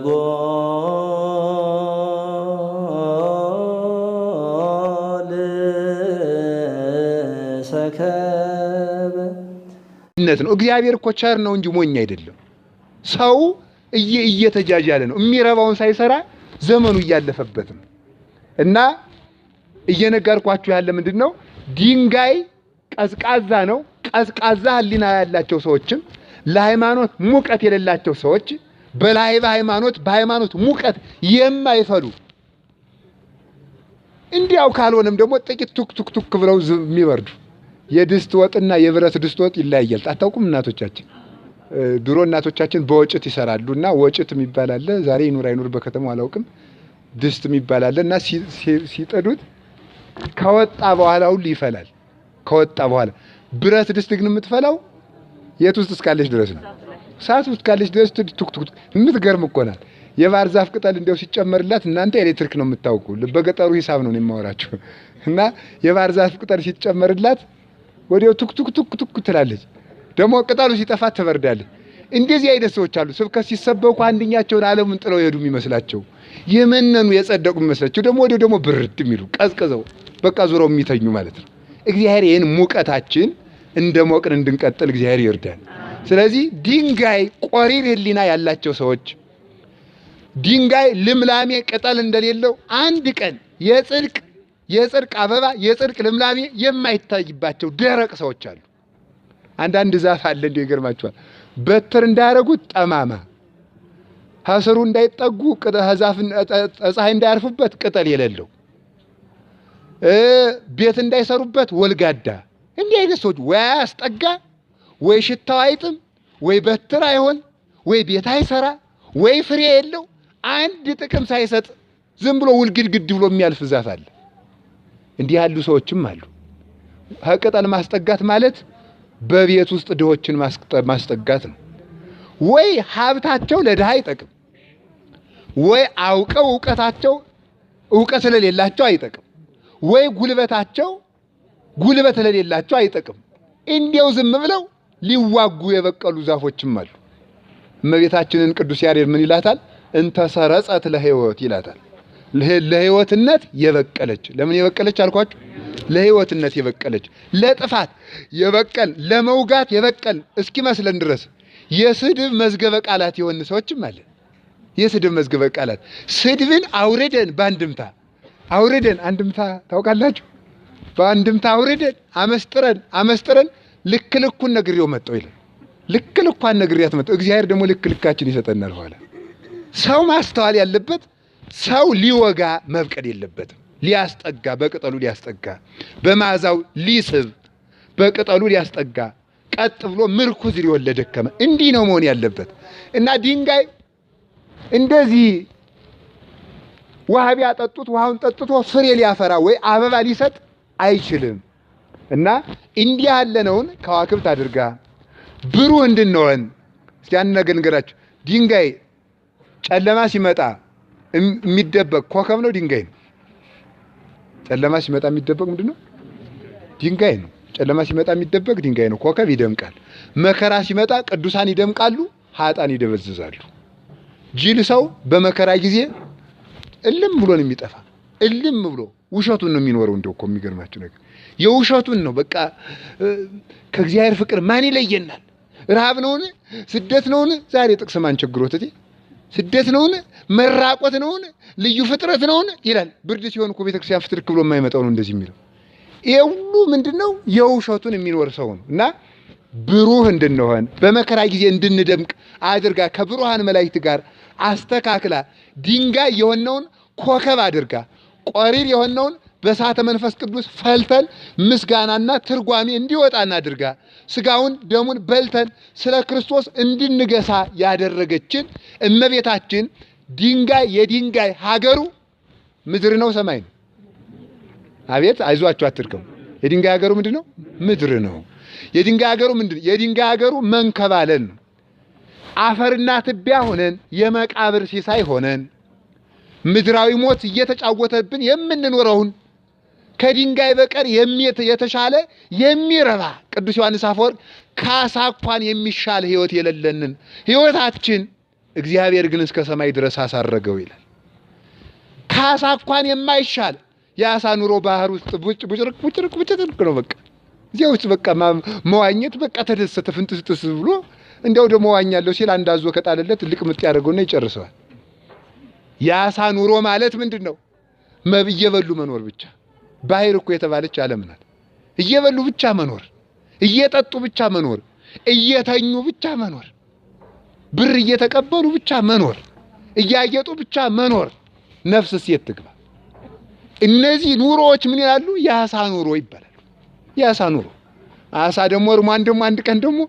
ነት ነው። እግዚአብሔር እኮ ቸር ነው እንጂ ሞኝ አይደለም። ሰው እየተጃጃለ ነው የሚረባውን ሳይሰራ ዘመኑ እያለፈበት ነው። እና እየነገርኳችሁ ያለ ምንድን ነው? ድንጋይ ቀዝቃዛ ነው። ቀዝቃዛ ሕሊና ያላቸው ሰዎችም ለሃይማኖት ሙቀት የሌላቸው ሰዎች በላይ በሃይማኖት በሃይማኖት ሙቀት የማይፈሉ እንዲያው ካልሆነም ደግሞ ጥቂት ቱክ ቱክ ቱክ ብለው የሚበርዱ የድስት ወጥና የብረት ድስት ወጥ ይለያያል። አታውቁም? እናቶቻችን ድሮ እናቶቻችን በወጭት ይሰራሉ እና ወጭት የሚባል አለ። ዛሬ ይኑር አይኑር በከተማው አላውቅም። ድስት የሚባል አለ እና ሲጠዱት ከወጣ በኋላ ሁሉ ይፈላል። ከወጣ በኋላ ብረት ድስት ግን የምትፈላው የት ውስጥ እስካለች ድረስ ነው። ሰዓት ውስጥ ካለች ድረስ ቱክቱክ የምትገርም እኮ ናት። የባህር ዛፍ ቅጠል እንዲያው ሲጨመርላት እናንተ ኤሌክትሪክ ነው የምታውቁ። በገጠሩ ሂሳብ ነው የማወራቸው እና የባህር ዛፍ ቅጠል ሲጨመርላት ወዲያው ቱክቱክቱክቱክ ትላለች። ደግሞ ቅጠሉ ሲጠፋት ትበርዳለች። እንደዚህ አይነት ሰዎች አሉ። ስብከት ሲሰበኩ አንድኛቸውን ዓለሙን ጥለው የሄዱ የሚመስላቸው የመነኑ የጸደቁ የሚመስላቸው ደግሞ ወዲያው ደግሞ ብርድ የሚሉ ቀዝቅዘው በቃ ዙረው የሚተኙ ማለት ነው። እግዚአብሔር ይህን ሙቀታችን እንደ ሞቅን እንድንቀጥል እግዚአብሔር ይርዳል። ስለዚህ ድንጋይ ቆሪር ህሊና ያላቸው ሰዎች ድንጋይ ልምላሜ ቅጠል እንደሌለው አንድ ቀን የጽድቅ የጽድቅ አበባ የጽድቅ ልምላሜ የማይታይባቸው ደረቅ ሰዎች አሉ። አንዳንድ ዛፍ አለ እንዲ ይገርማቸዋል። በትር እንዳያደረጉት ጠማማ ከስሩ እንዳይጠጉ ፀሐይ እንዳያርፉበት ቅጠል የሌለው ቤት እንዳይሰሩበት ወልጋዳ እንዲህ አይነት ሰዎች ወያ ያስጠጋ ወይ ሽታው አይጥም፣ ወይ በትር አይሆን፣ ወይ ቤት አይሰራ፣ ወይ ፍሬ የለው፣ አንድ ጥቅም ሳይሰጥ ዝም ብሎ ውልግድግድ ብሎ የሚያልፍ ዛፍ አለ። እንዲህ ያሉ ሰዎችም አሉ። ቅጠል ማስጠጋት ማለት በቤት ውስጥ ድሆችን ማስጠጋት ነው። ወይ ሀብታቸው ለድሃ አይጠቅም፣ ወይ አውቀው እውቀታቸው እውቀት ስለሌላቸው አይጠቅም፣ ወይ ጉልበታቸው ጉልበት ስለሌላቸው አይጠቅም። እንዲያው ዝም ብለው ሊዋጉ የበቀሉ ዛፎችም አሉ። እመቤታችንን ቅዱስ ያሬድ ምን ይላታል? እንተሰረጸት ለህይወት ይላታል። ለህይወትነት የበቀለች ለምን የበቀለች አልኳችሁ? ለህይወትነት የበቀለች ለጥፋት የበቀል ለመውጋት የበቀል እስኪመስለን ድረስ የስድብ መዝገበ ቃላት የሆን ሰዎችም አለ። የስድብ መዝገበ ቃላት ስድብን አውርደን በአንድምታ አውርደን አንድምታ ታውቃላችሁ? በአንድምታ አውርደን አመስጥረን አመስጥረን ልክ ልኩን ነግሬው መጣሁ ይላል። ልክ ልኳን ነግሬያት መጣሁ። እግዚአብሔር ደግሞ ልክ ልካችን ይሰጠናል። ኋላ ሰው ማስተዋል ያለበት ሰው ሊወጋ መብቀል የለበትም። ሊያስጠጋ በቅጠሉ ሊያስጠጋ በማዛው ሊስብ በቅጠሉ ሊያስጠጋ ቀጥ ብሎ ምርኩዝ ሊሆን ለደከመ እንዲህ ነው መሆን ያለበት እና ድንጋይ እንደዚህ ውሃ ቢያጠጡት ውሃውን ጠጥቶ ፍሬ ሊያፈራ ወይ አበባ ሊሰጥ አይችልም። እና እንዲህ ያለነውን ከዋክብት አድርጋ ብሩህ እንድንሆን እስኪ አንድ ነገር ንገራችሁ። ድንጋይ ጨለማ ሲመጣ የሚደበቅ ኮከብ ነው ድንጋይ ነው። ጨለማ ሲመጣ የሚደበቅ ምንድን ነው? ድንጋይ ነው። ጨለማ ሲመጣ የሚደበቅ ድንጋይ ነው። ኮከብ ይደምቃል። መከራ ሲመጣ ቅዱሳን ይደምቃሉ፣ ሀጣን ይደበዝዛሉ። ጅል ሰው በመከራ ጊዜ እልም ብሎ ነው የሚጠፋ እልም ብሎ ውሸቱን ነው የሚኖረው። እንደው እኮ የሚገርማችሁ ነገር የውሸቱን ነው። በቃ ከእግዚአብሔር ፍቅር ማን ይለየናል? ረሃብ ነውን? ስደት ነውን? ዛሬ ጥቅስ ማን ቸግሮት እቴ ስደት ነውን? መራቆት ነውን? ልዩ ፍጥረት ነውን? ይላል። ብርድ ሲሆን እኮ ቤተክርስቲያን ፍትርክ ብሎ የማይመጣው ነው እንደዚህ የሚለው። ይሄ ሁሉ ምንድን ነው? የውሸቱን የሚኖር ሰው ነው እና ብሩህ እንድንሆን በመከራ ጊዜ እንድንደምቅ አድርጋ ከብሩሃን መላእክት ጋር አስተካክላ ድንጋይ የሆነውን ኮከብ አድርጋ ቆሪር የሆነውን በሳተ መንፈስ ቅዱስ ፈልተን ምስጋናና ትርጓሜ እንዲወጣ እናድርጋ። ስጋውን ደሙን በልተን ስለ ክርስቶስ እንድንገሳ ያደረገችን እመቤታችን ድንጋይ የድንጋይ ሀገሩ ምድር ነው፣ ሰማይ ነው። አቤት አይዟችሁ፣ አትርከው። የድንጋይ ሀገሩ ምንድን ነው? ምድር ነው። የድንጋይ ሀገሩ ምንድን ነው? የድንጋይ ሀገሩ መንከባለን ነው። አፈርና ትቢያ ሆነን የመቃብር ሲሳይ ሆነን ምድራዊ ሞት እየተጫወተብን የምንኖረውን ከድንጋይ በቀር የተሻለ የሚረባ ቅዱስ ዮሐንስ አፈወርቅ ካሳ የሚሻል ህይወት የሌለንን ህይወታችን እግዚአብሔር ግን እስከ ሰማይ ድረስ አሳረገው ይላል። ካሳ የማይሻል የአሳ ኑሮ ባህር ውስጥ ቡጭርቅ ቡጭርቅ ቡጭርቅ ነው። በቃ እዚያ ውስጥ በቃ መዋኘት በቃ ተደሰተ ፍንጥስጥስ ብሎ እንዲያው ደግሞ ሲል አንድ አዞ ከጣለለት ልቅምጥ ያደርገው ያደርገውና ይጨርሰዋል። የአሳ ኑሮ ማለት ምንድን ነው? መብ እየበሉ መኖር ብቻ። ባህር እኮ የተባለች ዓለም ናት። እየበሉ ብቻ መኖር፣ እየጠጡ ብቻ መኖር፣ እየተኙ ብቻ መኖር፣ ብር እየተቀበሉ ብቻ መኖር፣ እያጌጡ ብቻ መኖር። ነፍስ ሴት ትግባ። እነዚህ ኑሮዎች ምን ይላሉ? የአሳ ኑሮ ይባላል። የአሳ ኑሮ አሳ ደግሞ እርሟን ደግሞ አንድ ቀን ደግሞ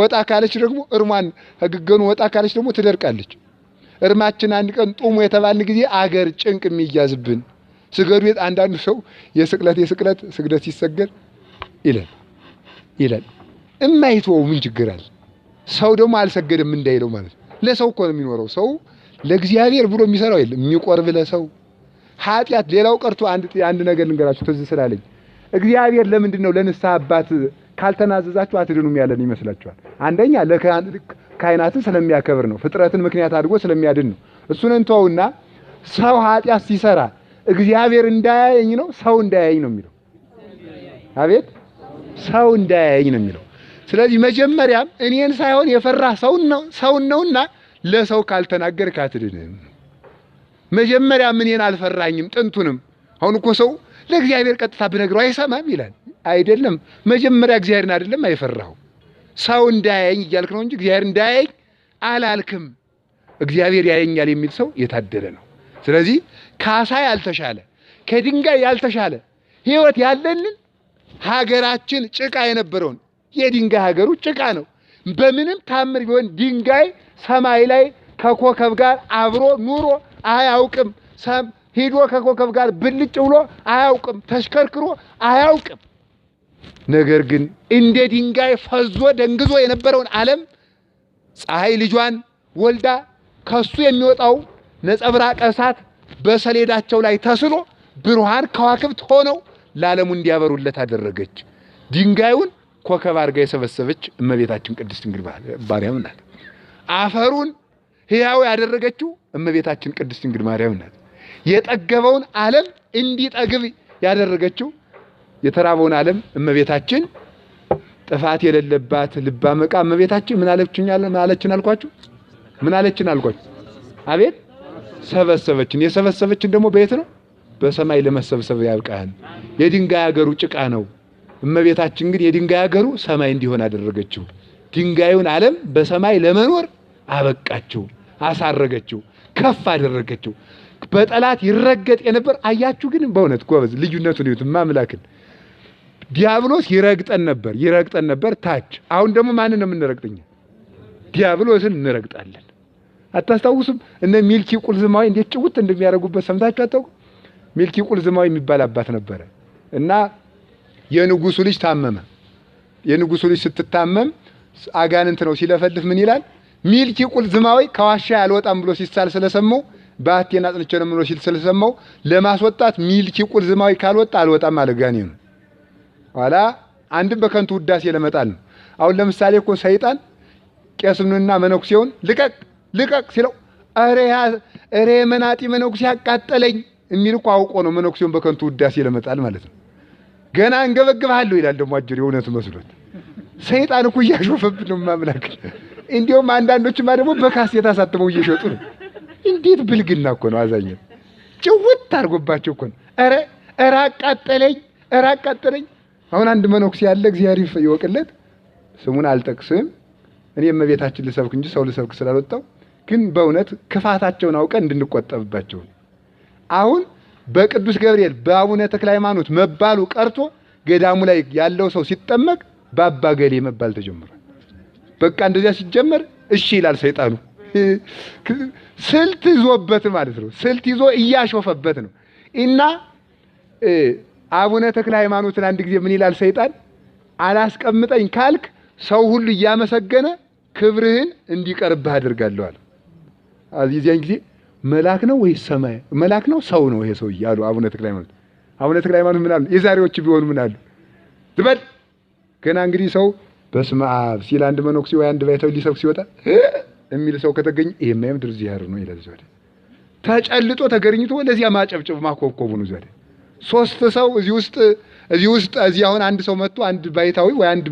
ወጣ ካለች ደግሞ እርሟን ህግገኑ ወጣ ካለች ደግሞ ትደርቃለች። እርማችን አንድ ቀን ጡሙ የተባልን ጊዜ አገር ጭንቅ የሚያዝብን ስገዱ። አንዳንዱ ሰው የስቅለት የስቅለት ስግደት ሲሰገድ ይላል ይላል እማይተወው ምን ችግር አለ? ሰው ደግሞ አልሰገድም እንዳይለው ማለት ለሰው እኮ ነው የሚኖረው። ሰው ለእግዚአብሔር ብሎ የሚሰራው የለም የሚቆርብ ለሰው ኃጢአት። ሌላው ቀርቶ አንድ ነገር ልንገራችሁ ትዝ ስላለኝ እግዚአብሔር ለምንድን ነው ለንስሐ አባት ካልተናዘዛችሁ አትድኑም ያለን ይመስላችኋል? አንደኛ ካህናትን ስለሚያከብር ነው። ፍጥረትን ምክንያት አድርጎ ስለሚያድን ነው። እሱን እንተውና ሰው ኃጢአት ሲሰራ እግዚአብሔር እንዳያየኝ ነው ሰው እንዳያየኝ ነው የሚለው። አቤት ሰው እንዳያየኝ ነው የሚለው። ስለዚህ መጀመሪያም እኔን ሳይሆን የፈራ ሰውን ነው ሰውን ነውና ለሰው ካልተናገርክ አትድንም። መጀመሪያም እኔን አልፈራኝም። ጥንቱንም አሁን እኮ ሰው ለእግዚአብሔር ቀጥታ ብነግረው አይሰማም ይላል። አይደለም መጀመሪያ እግዚአብሔርን አይደለም አይፈራው ሰው እንዳያየኝ እያልክ ነው እንጂ እግዚአብሔር እንዳያየኝ አላልክም። እግዚአብሔር ያየኛል የሚል ሰው የታደለ ነው። ስለዚህ ካሳ ያልተሻለ ከድንጋይ ያልተሻለ ህይወት ያለንን ሀገራችን ጭቃ የነበረውን የድንጋይ ሀገሩ ጭቃ ነው። በምንም ታምር ቢሆን ድንጋይ ሰማይ ላይ ከኮከብ ጋር አብሮ ኑሮ አያውቅም። ሂዶ ከኮከብ ጋር ብልጭ ብሎ አያውቅም። ተሽከርክሮ አያውቅም። ነገር ግን እንደ ድንጋይ ፈዞ ደንግዞ የነበረውን ዓለም ፀሐይ ልጇን ወልዳ ከሱ የሚወጣው ነጸብራቀ እሳት በሰሌዳቸው ላይ ተስሎ ብሩሃን ከዋክብት ሆነው ለዓለሙ እንዲያበሩለት አደረገች። ድንጋዩን ኮከብ አድርጋ የሰበሰበች እመቤታችን ቅድስት ድንግል ማርያም ናት። አፈሩን ሕያው ያደረገችው እመቤታችን ቅድስት ድንግል ማርያም ናት። የጠገበውን ዓለም እንዲጠግብ ያደረገችው የተራበውን ዓለም እመቤታችን ጥፋት የሌለባት ልባም ዕቃ እመቤታችን ምን አለችኛል? ምን አለችን አልኳችሁ? ምን አለችን አልኳችሁ? አቤት ሰበሰበችን። የሰበሰበችን ደግሞ በየት ነው? በሰማይ ለመሰብሰብ ያብቃን። የድንጋይ ሀገሩ ጭቃ ነው። እመቤታችን ግን የድንጋይ ሀገሩ ሰማይ እንዲሆን አደረገችው። ድንጋዩን ዓለም በሰማይ ለመኖር አበቃችው፣ አሳረገችው፣ ከፍ አደረገችው። በጠላት ይረገጥ የነበር አያችሁ። ግን በእውነት ጎበዝ ልዩነቱን እዩት። ማምላክን ዲያብሎስ ይረግጠን ነበር ይረግጠን ነበር ታች። አሁን ደግሞ ማንን ነው የምንረግጠኛ? ዲያብሎስን እንረግጣለን። አታስታውሱም? እነ ሚልኪ ቁልዝማዊ እንዴት ጭውት እንደሚያደርጉበት ሰምታችሁ አታውቁ? ሚልኪ ቁልዝማዊ የሚባል አባት ነበረ እና የንጉሱ ልጅ ታመመ። የንጉሱ ልጅ ስትታመም አጋንንት ነው ሲለፈልፍ ምን ይላል? ሚልኪ ቁልዝማዊ ከዋሻ ያልወጣም ብሎ ሲሳል ስለሰማው ባቴና ጥንቸል ብሎ ሲል ስለሰማው ለማስወጣት ሚልኪ ቁልዝማዊ ካልወጣ አልወጣም አለ ጋኔኑ ኋላ አንድም በከንቱ ውዳሴ ለመጣል ነው። አሁን ለምሳሌ እኮ ሰይጣን ቄሱንና መነኩሴውን ልቀቅ ልቀቅ ሲለው እሬ መናጢ መነኩሴ አቃጠለኝ የሚል እኮ አውቆ ነው መነኩሴውን በከንቱ ውዳሴ ለመጣል ማለት ነው። ገና እንገበግብሃለሁ ይላል ደግሞ አጅር የእውነት መስሎት ሰይጣን እኮ እያሾፈብን ነው ማምላክ። እንዲሁም አንዳንዶችማ ደግሞ በካሴት አሳትመው እየሸጡ ነው። እንዴት ብልግና እኮ ነው! አዛኝ ጭውት አድርጎባቸው እኮ ነው። ኧረ ኧረ አቃጠለኝ ኧረ አቃጠለኝ አሁን አንድ መነኩሴ ያለ እግዚአብሔር ይወቅለት፣ ስሙን አልጠቅስም። እኔ እመቤታችን ልሰብክ እንጂ ሰው ልሰብክ ስላልወጣው፣ ግን በእውነት ክፋታቸውን አውቀን እንድንቆጠብባቸው አሁን በቅዱስ ገብርኤል በአቡነ ተክለ ሃይማኖት መባሉ ቀርቶ ገዳሙ ላይ ያለው ሰው ሲጠመቅ በአባ ገሌ መባል ተጀምሯል። በቃ እንደዚያ ሲጀመር እሺ ይላል ሰይጣኑ። ስልት ይዞበት ማለት ነው። ስልት ይዞ እያሾፈበት ነው እና አቡነ ተክለ ሃይማኖትን አንድ ጊዜ ምን ይላል ሰይጣን አላስቀምጠኝ ካልክ ሰው ሁሉ እያመሰገነ ክብርህን እንዲቀርብህ አድርጋለሁ አድርጋለዋል። እዚያን ጊዜ መልአክ ነው ወይስ ሰማይ መልአክ ነው ሰው ነው ይሄ ሰው አሉ አቡነ ተክለ ሃይማኖት። አቡነ ተክለ ሃይማኖት ምን አሉ? የዛሬዎቹ ቢሆኑ ምን አሉ? ትበል ገና እንግዲህ ሰው በስመ አብ ሲል አንድ መነኩሴ ወይ አንድ ባይተው ሊሰብክ ሲወጣ የሚል ሰው ከተገኘ ይሄማ የምድር ዚያር ነው ይላል። ዘወደ ተጨልጦ ተገርኝቶ ለዚያ ማጨብጨብ ማኮብኮቡ ነው ዘወደ ሶስት ሰው እዚህ ውስጥ እዚህ ውስጥ እዚህ አሁን አንድ ሰው መጥቶ አንድ ባይታዊ ወይ አንድ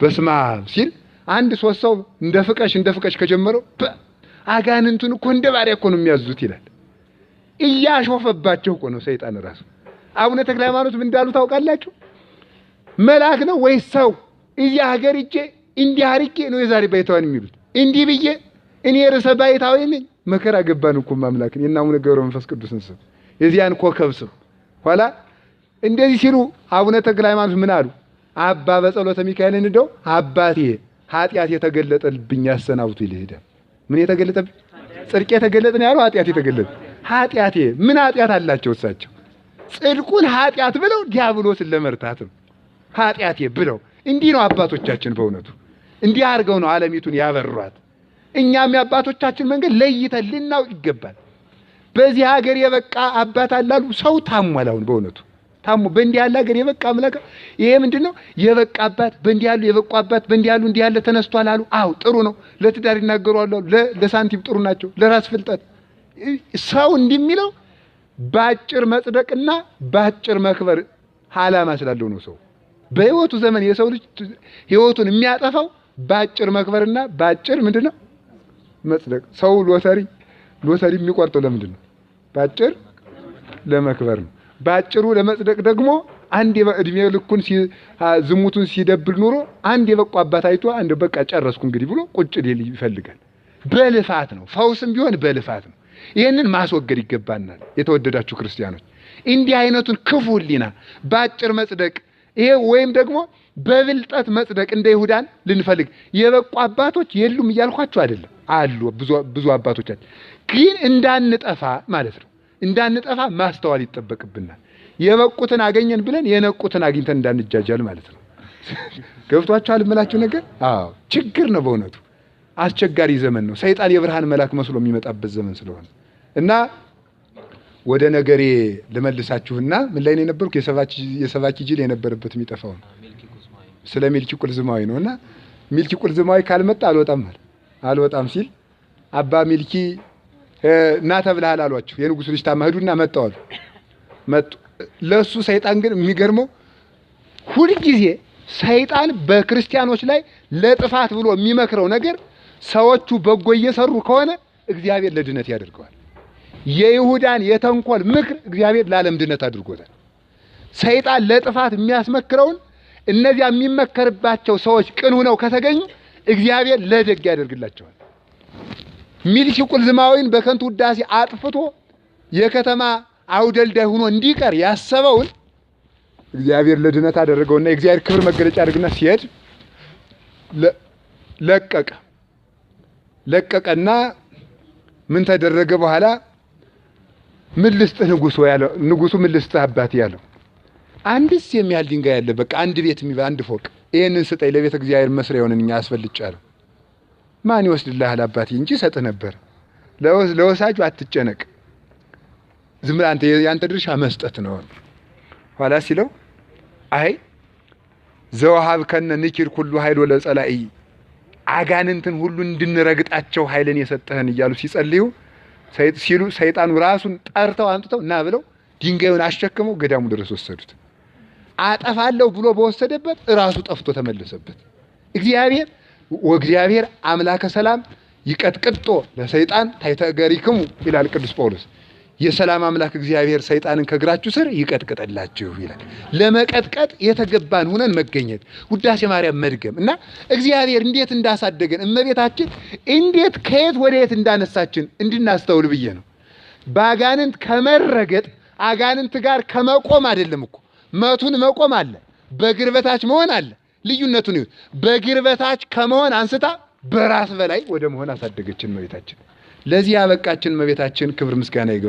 በስማ ሲል አንድ ሶስት ሰው እንደ ፍቀሽ እንደ ፍቀሽ ከጀመረው አጋንንቱን እኮ እንደ ባሪያ እኮ ነው የሚያዙት ይላል። እያሾፈባቸው እኮ ነው ሰይጣን ራሱ። አቡነ ተክለ ሃይማኖት ምን እንዳሉ ታውቃላችሁ? መልአክ ነው ወይስ ሰው? እያ ሀገር እጄ እንዲህ አርቄ ነው የዛሬ ባይታዋን የሚሉት እንዲህ ብዬ እኔ ርዕሰ ባይታዊ ነኝ። መከራ ገባን እኮ አምላክን የእነ አቡነ ገብረ መንፈስ ቅዱስን ስም የዚያን ኮከብ ስም ኋላ እንደዚህ ሲሉ አቡነ ተክለ ሃይማኖት ምን አሉ? አባ በጸሎተ ሚካኤልን እንደው አባቴ ኃጢአት የተገለጠልብኝ ያሰናብቱ ይልህ። ምን የተገለጠብኝ? ጽድቅ የተገለጠ ነው ያሉ ኃጢአት የተገለጠ ኃጢአቴ ምን ኃጢአት አላቸው እሳቸው ጽድቁን ኃጢአት ብለው ዲያብሎስን ለመርታት ነው። ኃጢአቴ ብለው እንዲህ ነው አባቶቻችን በእውነቱ እንዲህ አድርገው ነው ዓለሚቱን ያበሯት። እኛም የአባቶቻችን መንገድ ለይተን ልናውቅ ይገባል። በዚህ ሀገር የበቃ አባት አላሉ። ሰው ታሟላውን በእውነቱ ታሞ በእንዲህ ያለ ሀገር የበቃ አምላክ ይሄ ምንድን ነው? የበቃ አባት በእንዲህ ያሉ የበቁ አባት በእንዲህ ያሉ እንዲህ ያለ ተነስቷል አሉ። አው ጥሩ ነው። ለትዳር ይናገሩ አሉ። ለሳንቲም ጥሩ ናቸው። ለራስ ፍልጠት ሰው እንዲህ የሚለው በአጭር መጽደቅና በአጭር መክበር ዓላማ ስላለው ነው። ሰው በህይወቱ ዘመን የሰው ልጅ ህይወቱን የሚያጠፋው በአጭር መክበርና በአጭር ምንድን ነው መጽደቅ። ሰው ሎተሪ ሎተሪ የሚቆርጠው ለምንድን ነው? ባጭር ለመክበር ነው። በአጭሩ ለመጽደቅ ደግሞ አንድ እድሜ ልኩን ዝሙቱን ሲደብል ኑሮ አንድ የበቁ አባት አይቶ አንድ በቃ ጨረስኩ እንግዲህ ብሎ ቁጭ ሊል ይፈልጋል። በልፋት ነው፣ ፈውስም ቢሆን በልፋት ነው። ይህንን ማስወገድ ይገባናል። የተወደዳችሁ ክርስቲያኖች፣ እንዲህ አይነቱን ክፉ ሕሊና በአጭር መጽደቅ ይሄ ወይም ደግሞ በብልጠት መጽደቅ እንደ ይሁዳን ልንፈልግ የበቁ አባቶች የሉም እያልኳቸው አይደለም፣ አሉ ብዙ አባቶቻችን ግን እንዳንጠፋ ማለት ነው። እንዳንጠፋ ማስተዋል ይጠበቅብናል። የበቁትን አገኘን ብለን የነቁትን አግኝተን እንዳንጃጃል ማለት ነው። ገብቷችኋል የምላችሁ ነገር? አዎ ችግር ነው በእውነቱ አስቸጋሪ ዘመን ነው። ሰይጣን የብርሃን መልአክ መስሎ የሚመጣበት ዘመን ስለሆነ እና ወደ ነገሬ ልመልሳችሁና ምን ላይ ነው የነበርኩ? የሰባኪ ጅል የነበረበት የሚጠፋው ነው። ስለ ሚልኪ ቁልዝማዊ ነው እና ሚልኪ ቁልዝማዊ ካልመጣ አልወጣም አልወጣም ሲል አባ ሚልኪ እና ተብልሃል አሏቸው። የንጉሱ ልጅ ታማ ሂዱና አሉ። መጡ። ለእሱ ሰይጣን ግን የሚገርመው ሁልጊዜ ሰይጣን በክርስቲያኖች ላይ ለጥፋት ብሎ የሚመክረው ነገር ሰዎቹ በጎ እየሰሩ ከሆነ እግዚአብሔር ለድነት ያደርገዋል። የይሁዳን የተንኮል ምክር እግዚአብሔር ለዓለም ድነት አድርጎታል። ሰይጣን ለጥፋት የሚያስመክረውን እነዚያ የሚመከርባቸው ሰዎች ቅን ሆነው ከተገኙ እግዚአብሔር ለደግ ያደርግላቸዋል። ሚልኪ ቁልዝማዊን በከንቱ ውዳሴ አጥፍቶ የከተማ አውደልዳይ ሆኖ እንዲቀር ያሰበውን እግዚአብሔር ለድነት አደረገውና የእግዚአብሔር ክብር መገለጫ አድርግና ሲሄድ ለቀቀ ለቀቀና ምን ተደረገ በኋላ ምን ልስጥህ ንጉሱ ያለው ንጉሱ ምን ልስጥህ አባት ያለው አንድስ የሚያህል ድንጋይ ያለ በቃ አንድ ቤት አንድ ፎቅ ይሄንን ስጠኝ ለቤተ እግዚአብሔር መስሪያ እኛ አስፈልጫለሁ ማን ይወስድልሃል አባቴ እንጂ ሰጥህ ነበር። ለወሳጁ አትጨነቅ፣ ዝም ብለህ አንተ ያንተ ድርሻ መስጠት ነው። ኋላ ሲለው አይ ዘውሃብ ከነ ንኪር ሁሉ ኃይል ወለጸላኢ አጋንንትን ሁሉ እንድንረግጣቸው ኃይልን የሰጠህን እያሉ ሲጸልዩ ሲሉ ሰይጣኑ ራሱን ጠርተው አምጥተው ና ብለው ድንጋዩን አሸክመው ገዳሙ ድረስ ወሰዱት። አጠፋለሁ ብሎ በወሰደበት ራሱ ጠፍቶ ተመለሰበት እግዚአብሔር ወእግዚአብሔር አምላከ ሰላም ይቀጥቅጦ ለሰይጣን ታይተገሪክሙ ይላል ቅዱስ ጳውሎስ። የሰላም አምላክ እግዚአብሔር ሰይጣንን ከእግራችሁ ስር ይቀጥቅጥላችሁ ይላል። ለመቀጥቀጥ የተገባን ሆነን መገኘት፣ ውዳሴ ማርያም መድገም እና እግዚአብሔር እንዴት እንዳሳደገን እመቤታችን እንዴት ከየት ወደ የት እንዳነሳችን እንድናስተውል ብዬ ነው። በአጋንንት ከመረገጥ አጋንንት ጋር ከመቆም አይደለም እኮ መቱን መቆም አለ፣ በግርበታች መሆን አለ ልዩነቱን ይሁት በግር በታች ከመሆን አንስታ በራስ በላይ ወደ መሆን አሳደገችን እመቤታችን። ለዚህ ያበቃችን እመቤታችን ክብር ምስጋና ይግባ።